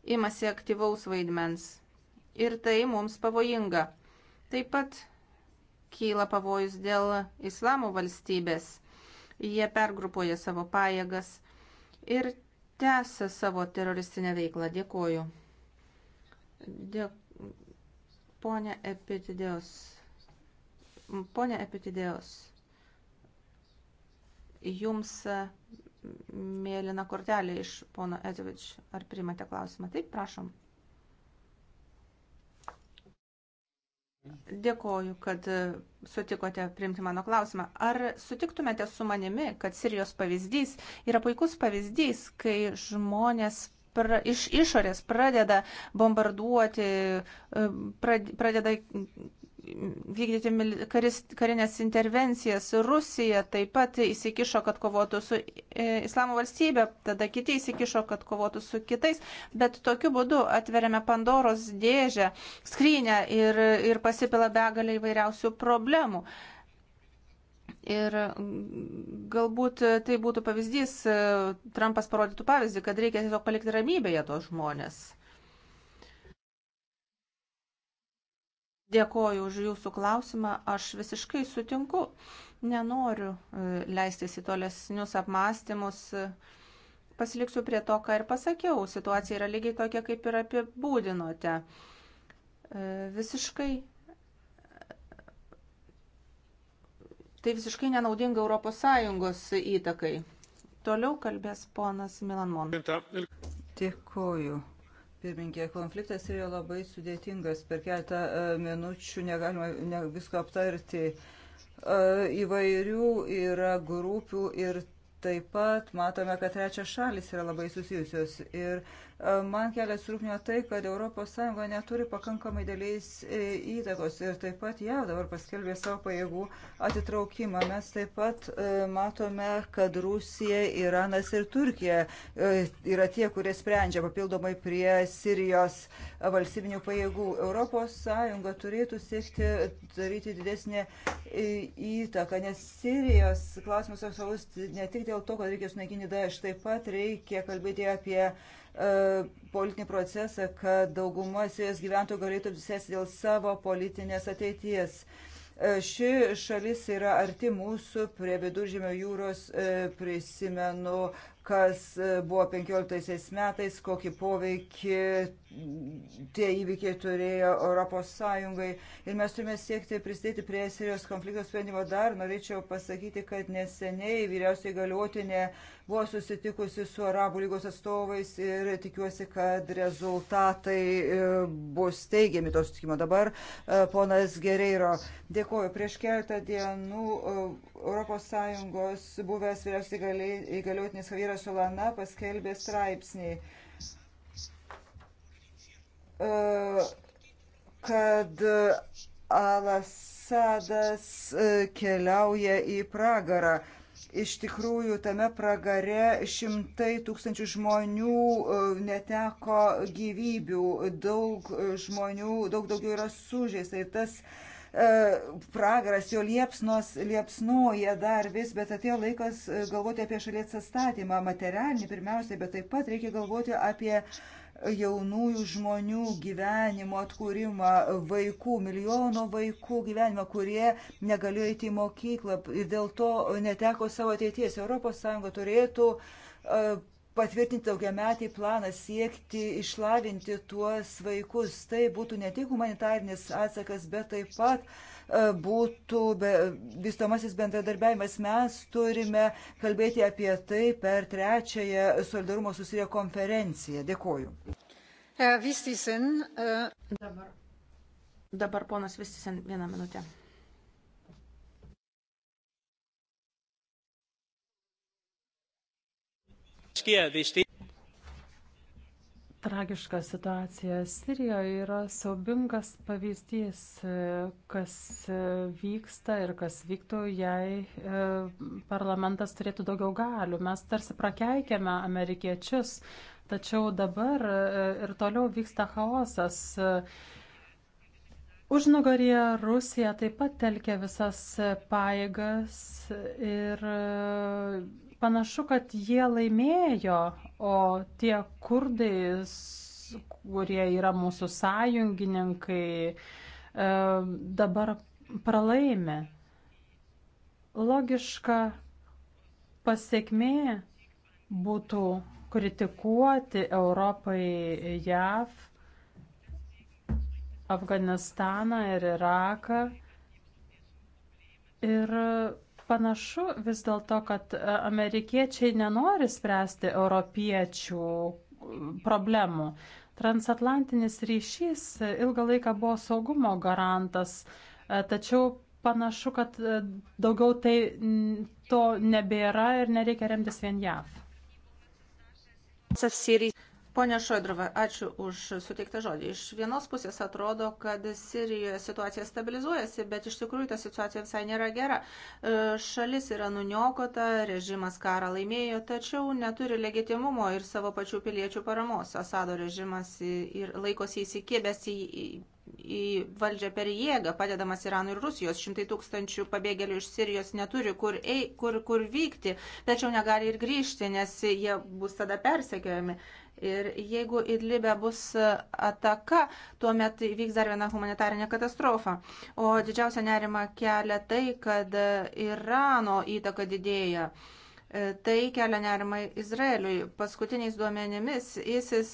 imasi aktyvaus vaidmens. Ir tai mums pavojinga. Taip pat kyla pavojus dėl islamo valstybės. Jie pergrupuoja savo pajėgas ir tęsia savo teroristinę veiklą. Dėkoju. Dė... Pone Epitidėjos. Pone Epitidėjos. Jums mėlyną kortelę iš pono Edvič. Ar primate klausimą? Taip, prašom. Dėkoju, kad e, sutikote priimti mano klausimą. Ar sutiktumėte su manimi, kad Sirijos pavyzdys yra puikus pavyzdys, kai žmonės pra, iš išorės pradeda bombarduoti, e, prad, pradeda vykdyti karis, karinės intervencijas. Rusija taip pat įsikišo, kad kovotų su e, Islamo valstybė, tada kiti įsikišo, kad kovotų su kitais, bet tokiu būdu atveriame Pandoros dėžę, skrynę ir, ir pasipila begalė įvairiausių problemų. Ir galbūt tai būtų pavyzdys, Trumpas parodytų pavyzdį, kad reikia tiesiog palikti ramybėje tos žmonės. Dėkoju už jūsų klausimą. Aš visiškai sutinku. Nenoriu e, leistis į tolesnius apmąstymus. Pasiliksiu prie to, ką ir pasakiau. Situacija yra lygiai tokia, kaip ir apibūdinote. E, visiškai. Tai visiškai nenaudinga ES įtakai. Toliau kalbės ponas Milanmon. Dėkoju. Pirminkė, konfliktas yra labai sudėtingas. Per keletą e, minučių negalima ne, visko aptarti. E, įvairių yra grupių ir taip pat matome, kad trečias šalis yra labai susijusios. Ir Man kelia surūpnio tai, kad ES neturi pakankamai dėliais e, įtakos ir taip pat jau dabar paskelbė savo pajėgų atitraukimą. Mes taip pat e, matome, kad Rusija, Iranas ir Turkija e, yra tie, kurie sprendžia papildomai prie Sirijos valstybinių pajėgų. ES turėtų siekti daryti didesnį įtaką, nes Sirijos klausimas aktualus ne tik dėl to, kad reikia sunaikinti Daesh, taip pat reikia kalbėti apie uh, E, politinį procesą, kad dauguma Sirijos gyventojų galėtų apsisėsti dėl savo politinės ateities. E, ši šalis yra arti mūsų, prie viduržėmio jūros e, prisimenu, kas buvo 15 metais, kokį poveikį tie įvykiai turėjo Europos Sąjungai ir mes turime siekti prisidėti prie Sirijos konflikto sprendimo. Dar norėčiau pasakyti, kad neseniai vyriausiai galiuotinė buvo susitikusi su Arabų lygos atstovais ir tikiuosi, kad rezultatai e, bus teigiami to sutikimo. Dabar e, ponas Gereiro, dėkoju. Prieš keletą dienų e, Europos Sąjungos buvęs vyriausiai galiuotinis Javieras Solana paskelbė straipsnį kad Alasadas e, keliauja į pragarą. Iš tikrųjų, tame pragare šimtai tūkstančių žmonių e, neteko gyvybių, daug e, žmonių, daug daugiau yra sužeista. Ir tas pragaras, jo liepsnos liepsnoja dar vis, bet atėjo laikas galvoti apie šalies atstatymą, materialinį pirmiausiai, bet taip pat reikia galvoti apie uh, jaunųjų žmonių gyvenimo atkūrimą, vaikų, milijono vaikų gyvenimą, kurie negalėjo įti į mokyklą ir dėl to neteko savo ateities. ES turėtų e, patvirtinti daugiametį planą, siekti išlavinti tuos vaikus. Tai būtų ne tik humanitarinis atsakas, bet taip pat uh, būtų be, vystomasis bendradarbiavimas. Mes turime kalbėti apie tai per trečiąją solidarumo susirė konferenciją. Dėkoju. Vistisen. Äh, Dabar. Dabar ponas Vistisen vieną minutę. Skjer, Tragiška situacija Sirijoje yra saubingas pavyzdys, e, kas e, vyksta ir kas vyktų, jei e, parlamentas turėtų daugiau galių. Mes tarsi prakeikėme amerikiečius, tačiau dabar ir toliau vyksta chaosas. Užnugarėje Rusija taip pat telkia visas pajėgas ir panašu, kad jie laimėjo, O tie kurdai, kurie yra mūsų sąjungininkai, e, dabar pralaimi. Logiška pasiekmė būtų kritikuoti Europai JAV, Afganistaną ir Iraką ir Panašu vis dėlto, kad e, amerikiečiai nenori spręsti europiečių e, problemų. Transatlantinis ryšys e, ilgą laiką buvo saugumo garantas, tačiau panašu, kad daugiau tai to nebėra ir nereikia remtis vien JAV. Pone Šoidrova, ačiū už suteiktą žodį. Iš vienos pusės atrodo, kad Sirijoje situacija stabilizuojasi, bet iš tikrųjų ta situacija visai nėra gera. E, šalis yra nuniokota, režimas karą laimėjo, tačiau neturi legitimumo ir savo pačių piliečių paramos. Asado režimas ir laikosi įsikibęs į į valdžią per jėgą, padedamas Iranui ir Rusijos. Šimtai tūkstančių pabėgėlių iš Sirijos neturi kur, ei, kur, kur vykti, tačiau negali ir grįžti, nes jie bus tada persekiojami. Ir jeigu Idlibe bus e, ataka, tuomet įvyks dar viena humanitarinė katastrofa. O didžiausia nerima kelia tai, kad e, Irano įtaka didėja. E, tai kelia nerimą Izraeliui. Paskutiniais duomenimis ISIS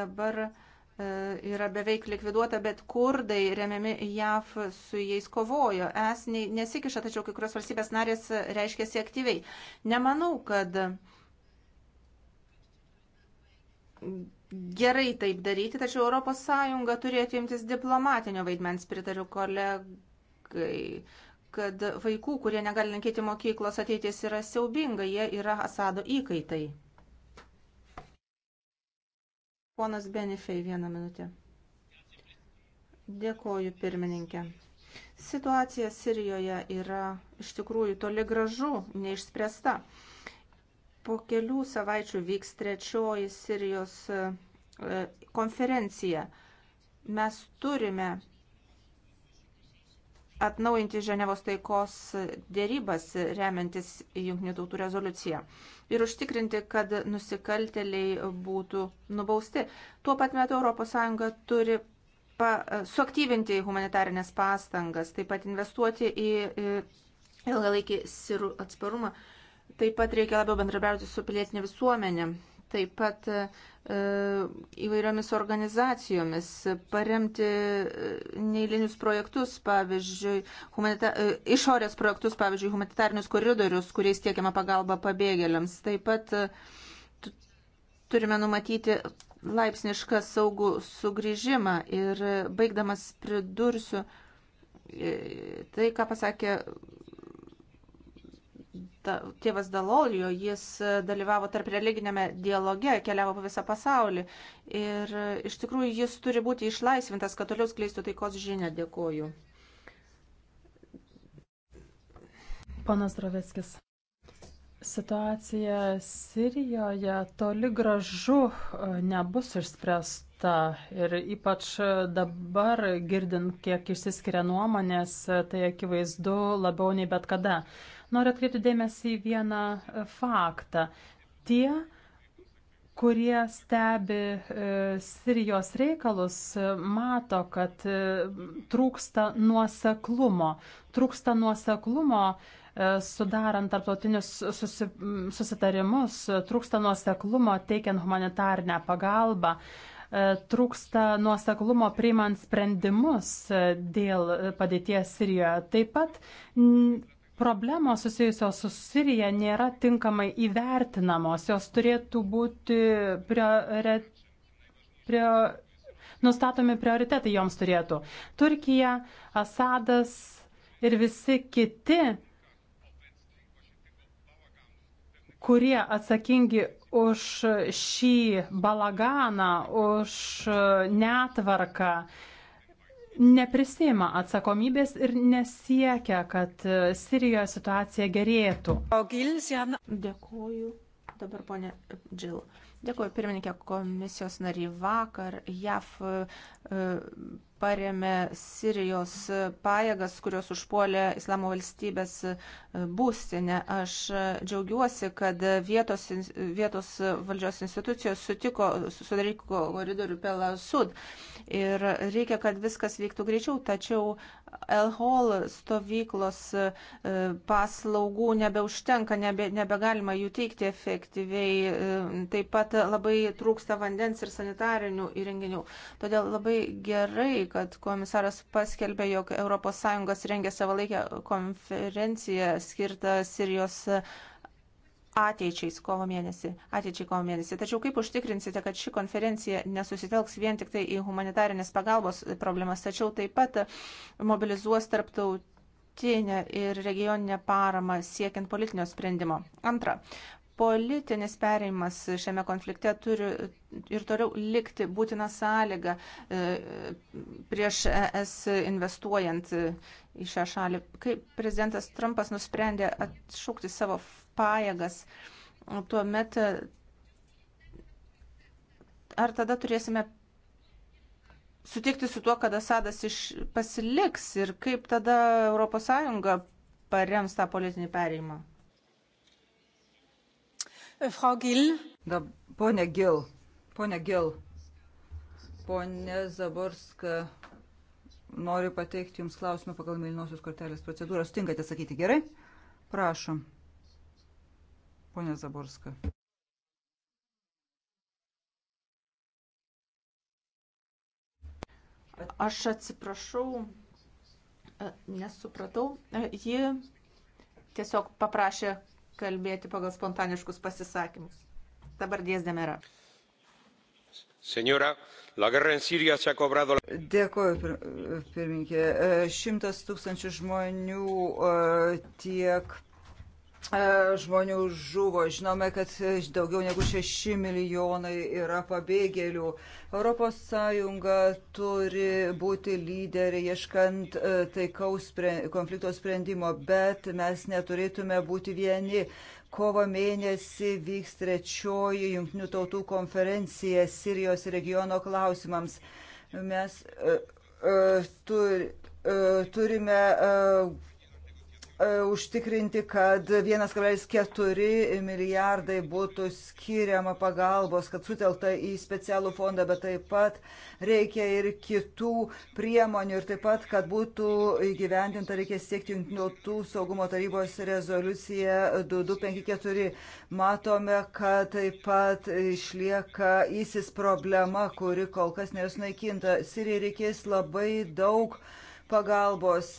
dabar yra beveik likviduota, bet kurdai remiami JAV su jais kovojo. Es nesikiša, tačiau kai kurios valstybės narės reiškėsi aktyviai. Nemanau, kad gerai taip daryti, tačiau ES turėtų imtis diplomatinio vaidmens, pritariu kolegai, kad vaikų, kurie negali lankyti mokyklos, ateitis yra siaubinga, jie yra Asado įkaitai. Ponas Benifei, vieną minutę. Dėkoju, pirmininkė. Situacija Sirijoje yra iš tikrųjų toli gražu neišspręsta. Po kelių savaičių vyks trečioji Sirijos e, konferencija. Mes turime atnaujinti Ženevos taikos dėrybas remiantis Junktinių tautų rezoliuciją ir užtikrinti, kad nusikalteliai būtų nubausti. Tuo pat metu ES turi pa, suaktyvinti humanitarinės pastangas, taip pat investuoti į ilgalaikį sirų atsparumą Taip pat reikia labiau bendrabiauti su pilietinė visuomenė, taip pat e, įvairiomis organizacijomis, paremti e, neįlinius projektus, pavyzdžiui, humanita, e, išorės projektus, pavyzdžiui, humanitarinius koridorius, kuriais tiekiama pagalba pabėgėliams. Taip pat e, turime numatyti laipsnišką saugų sugrįžimą ir baigdamas pridursiu e, tai, ką pasakė tėvas Dalolio, jis e, dalyvavo tarp religinėme dialoge, keliavo po visą pasaulį. Ir e, iš tikrųjų jis turi būti išlaisvintas, kad toliau skleistų taikos žinę. Dėkoju. Panas Draveckis. Situacija Sirijoje toli gražu e, nebus išspręsta ir ypač dabar girdint, kiek išsiskiria nuomonės, tai akivaizdu labiau nei bet kada. Noriu atkreipti dėmesį į vieną e, faktą. Tie, kurie stebi e, Sirijos reikalus, e, mato, kad trūksta nuoseklumo. Trūksta nuoseklumo sudarant tarptautinius susi, susitarimus, trūksta nuoseklumo teikiant humanitarnę pagalbą, trūksta nuoseklumo priimant sprendimus dėl padėties Sirijoje. Taip pat problemos susijusios su Sirija nėra tinkamai įvertinamos, jos turėtų būti priori... priori... nustatomi prioritetai joms turėtų. Turkija, Asadas ir visi kiti, kurie atsakingi už šį balaganą, už netvarką, uh, neprisima atsakomybės ir nesiekia, kad e, Sirijoje situacija gerėtų. Dėkuoju. Dabar ponė Džil. Dėkuoju pirmininkė komisijos nariai vakar. JAF e, paremė Sirijos pajėgas, kurios užpuolė Islamo valstybės būstinę. Aš džiaugiuosi, kad vietos, vietos valdžios institucijos sutiko sudaryti koridorių Pela Sud. Ir reikia, kad viskas vyktų greičiau, tačiau LHOL stovyklos e, paslaugų nebeužtenka, nebe, nebegalima jų teikti efektyviai. E, taip pat labai trūksta vandens ir sanitarinių įrenginių. Todėl labai gerai, kad komisaras paskelbė, jog ES rengia savalaikę konferenciją skirtą Sirijos ateičiai kovo mėnesį, ateičiai kovo mėnesį. Tačiau kaip užtikrinsite, kad ši konferencija nesusitelks vien tik tai į humanitarinės pagalbos problemas, tačiau taip pat mobilizuos tarptautinę ir regioninę paramą siekiant politinio sprendimo? Antra, Politinis perėjimas šiame konflikte turi ir toliau likti būtina sąlyga e, prieš ES investuojant į šią šalį. Kaip prezidentas Trumpas nusprendė atšaukti savo pajėgas, tuomet ar tada turėsime sutikti su tuo, kad Asadas iš, pasiliks ir kaip tada ES parems tą politinį perėjimą? Eh, Frau Gil. Da, ponė Gil, ponė Gil, ponė Zaborska nori pateikti Jums klausimą pagal mėlynosios kortelės procedūrą. Sutinkate sakyti gerai? Prašom. Pone Zaborska. Aš atsiprašau, e, nesupratau. E, ji tiesiog paprašė kalbėti pagal spontaniškus pasisakymus. Dabar dės demera. Senora, la guerra en Siria se ha cobrado. Dėkoju, pirmininkė. Šimtas tūkstančių žmonių tiek E, žmonių žuvo. Žinome, kad daugiau negu 6 milijonai yra pabėgėlių. ES turi būti lyderė ieškant e, taikaus konflikto sprendimo, bet mes neturėtume būti vieni. Kovo mėnesį vyks trečioji Junktinių tautų konferencija Sirijos regiono klausimams. Mes uh, uh, tur, uh, turime. Uh, E, užtikrinti, kad 1,4 milijardai būtų skiriama pagalbos, kad sutelta į specialų fondą, bet taip pat reikia ir kitų priemonių ir taip pat, kad būtų įgyvendinta, reikia siekti jungtinių saugumo tarybos rezoliuciją 2254. Matome, kad taip pat išlieka įsis problema, kuri kol kas nėra sunaikinta. Sirijai reikės labai daug pagalbos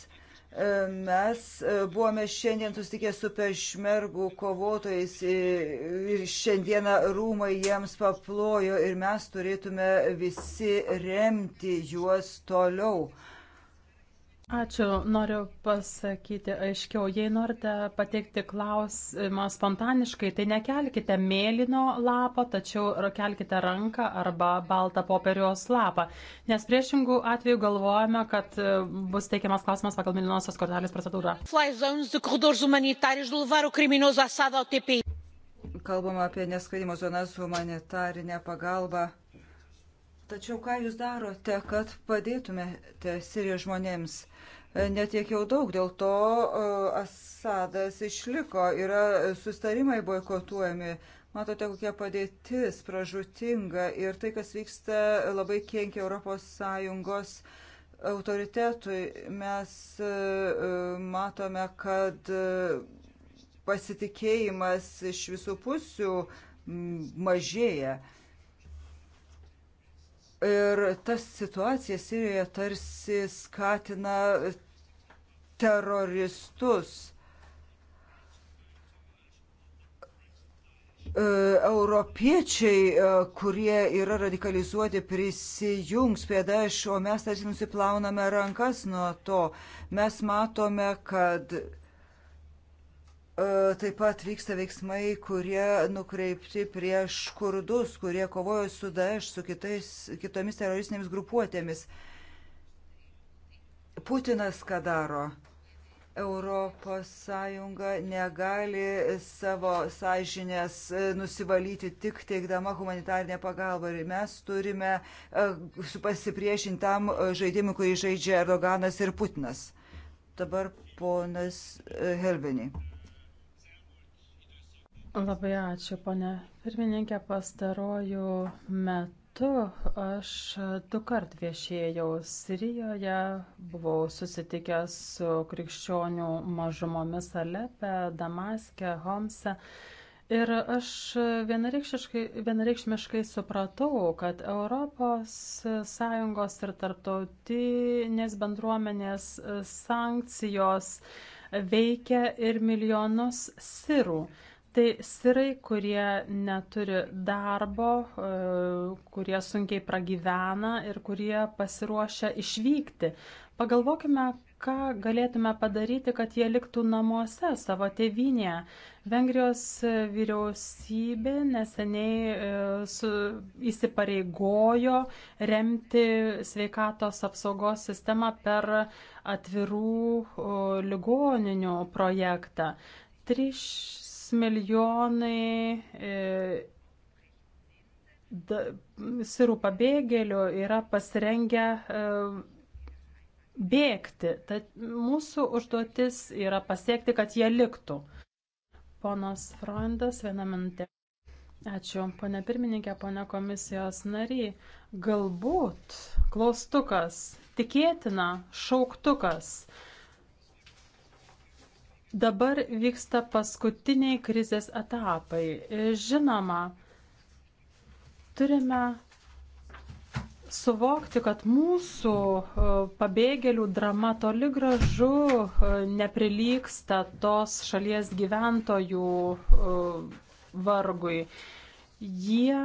Mes e, buvome šiandien susitikę su pešmergų kovotojais ir šiandieną rūmai jiems paplojo ir mes turėtume visi remti juos toliau. Ačiū. Noriu pasakyti aiškiau, jei norite pateikti klausimą spontaniškai, tai nekelkite mėlyno lapo, tačiau kelkite ranką arba baltą popieriaus lapą, nes priešingų atveju galvojame, kad e, bus teikiamas klausimas pagal mėlynosios kortelės procedūrą. Kalbama apie neskraidimo zonas humanitarinę pagalbą Tačiau ką jūs darote, kad padėtumėte Sirijos žmonėms? E, Netiek jau daug, dėl to e, Asadas išliko, yra sustarimai boikotuojami. Matote, kokia padėtis pražutinga ir tai, kas vyksta, labai kenkia ES autoritetui. Mes e, matome, kad pasitikėjimas iš visų pusių mažėja. Ir tas situacija Sirijoje tarsi skatina teroristus. E, europiečiai, e, kurie yra radikalizuoti, prisijungs prie Daesh, o mes tarsi nusiplauname rankas nuo to. Mes matome, kad E, taip pat vyksta veiksmai, kurie nukreipti prieš kurdus, kurie kovojo su Daesh, su kitais, kitomis teroristinėmis grupuotėmis. Putinas ką daro? Europos Sąjunga negali savo sąžinės e, nusivalyti tik teikdama humanitarinę pagalbą. Ir mes turime e, pasipriešinti tam žaidimui, kurį žaidžia Erdoganas ir Putinas. Dabar ponas Helvini. Labai ačiū, ponė pirmininkė. Pastarojų metu aš du kart viešėjau Sirijoje, buvau susitikęs su krikščionių mažumomis Alepe, Damaske, Homse. Ir aš vienareikšmiškai, vienareikšmiškai supratau, kad ES ir tarptautinės bendruomenės sankcijos veikia ir milijonus sirų. Tai sirai, kurie neturi darbo, e, kurie sunkiai pragyvena ir kurie pasiruošia išvykti. Pagalvokime, ką galėtume padaryti, kad jie liktų namuose, savo tėvinėje. Vengrijos vyriausybė neseniai e, su, įsipareigojo remti sveikatos apsaugos sistemą per atvirų ligoninių projektą. 3 milijonai e, sirų pabėgėlių yra pasirengę e, bėgti. Tad mūsų užduotis yra pasiekti, kad jie liktų. Ponas Freundas, vieną minutę. Ačiū, ponė pirmininkė, ponė komisijos nariai. Galbūt klaustukas, tikėtina, šauktukas Dabar vyksta paskutiniai krizės etapai. Žinoma, turime suvokti, kad mūsų e, pabėgėlių drama toli gražu e, neprilyksta tos šalies gyventojų e, vargui. Jie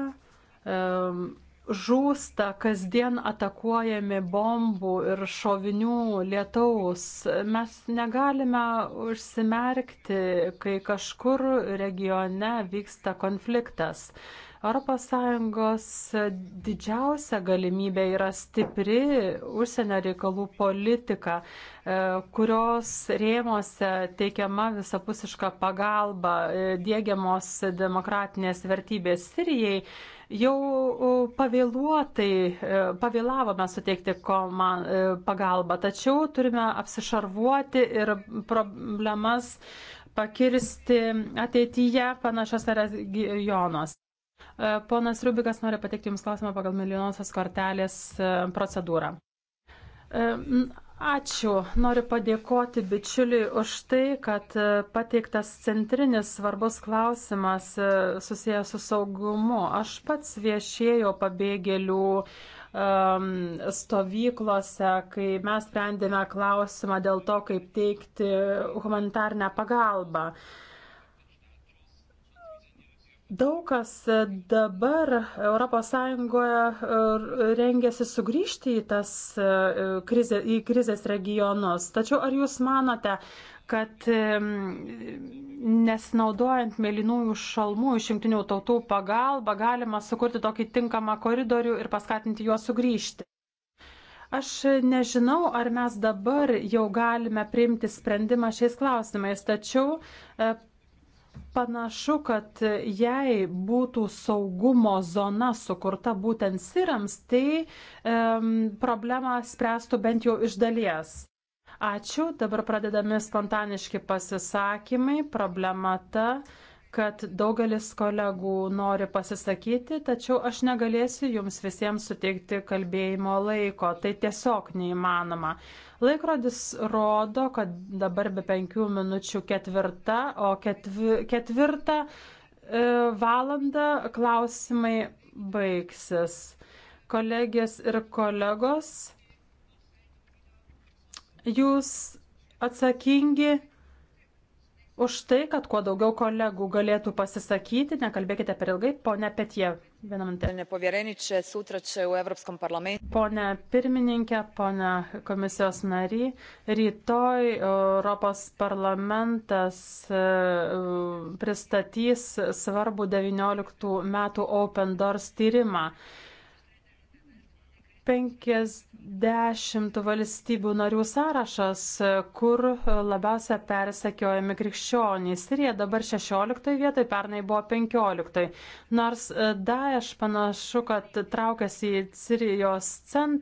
um, žūsta kasdien atakuojami bombų ir šovinių lietaus. Mes negalime užsimerkti, kai kažkur regione vyksta konfliktas. ES didžiausia galimybė yra stipri užsienio reikalų politika, e, kurios rėmose teikiama visapusiška pagalba, e, dėgiamos demokratinės vertybės Sirijai Jau pavėluotai, e, pavėlavome suteikti koman, e, pagalbą, tačiau turime apsišarvuoti ir problemas pakirsti ateityje panašiose regionuose. E, ponas Rubikas nori pateikti Jums klausimą pagal milijonosios kortelės procedūrą. Ačiū. Noriu padėkoti bičiuliui už tai, kad e, pateiktas centrinis svarbus klausimas e, susijęs su saugumu. Aš pats viešėjau pabėgėlių um, stovyklose, kai mes sprendėme klausimą dėl to, kaip teikti humanitarnę pagalbą. Uh, Daug kas dabar ES e, rengiasi sugrįžti į, tas, e, krizė, į krizės regionus. Tačiau ar jūs manote, kad e, nesinaudojant mėlynųjų šalmų iš jungtinių tautų pagalba galima sukurti tokį tinkamą koridorių ir paskatinti juos sugrįžti? Aš nežinau, ar mes dabar jau galime priimti sprendimą šiais klausimais, tačiau Panašu, kad jei būtų saugumo zona sukurta būtent sirams, tai um, problemą spręstų bent jau iš dalies. Ačiū, dabar pradedami spontaniški pasisakymai. Problema ta, kad daugelis kolegų nori pasisakyti, tačiau aš negalėsiu jums visiems suteikti kalbėjimo laiko. Tai tiesiog neįmanoma. Laikrodis rodo, kad dabar be penkių minučių ketvirta, o ketvi, ketvirtą e, valandą klausimai baigsis. Kolegės ir kolegos, jūs atsakingi už tai, kad kuo daugiau kolegų galėtų pasisakyti, nekalbėkite per ilgai, ponia Petie, vieną minutę. Pone pirmininkė, pone komisijos nary, rytoj Europos parlamentas e, pristatys svarbų 19 metų Open Doors tyrimą. 50 valstybių narių sąrašas, kur labiausia persekiojami krikščionys. Sirija dabar 16 vietoj, pernai buvo 15. Nors e, Daesh panašu, kad traukiasi į Sirijos centrą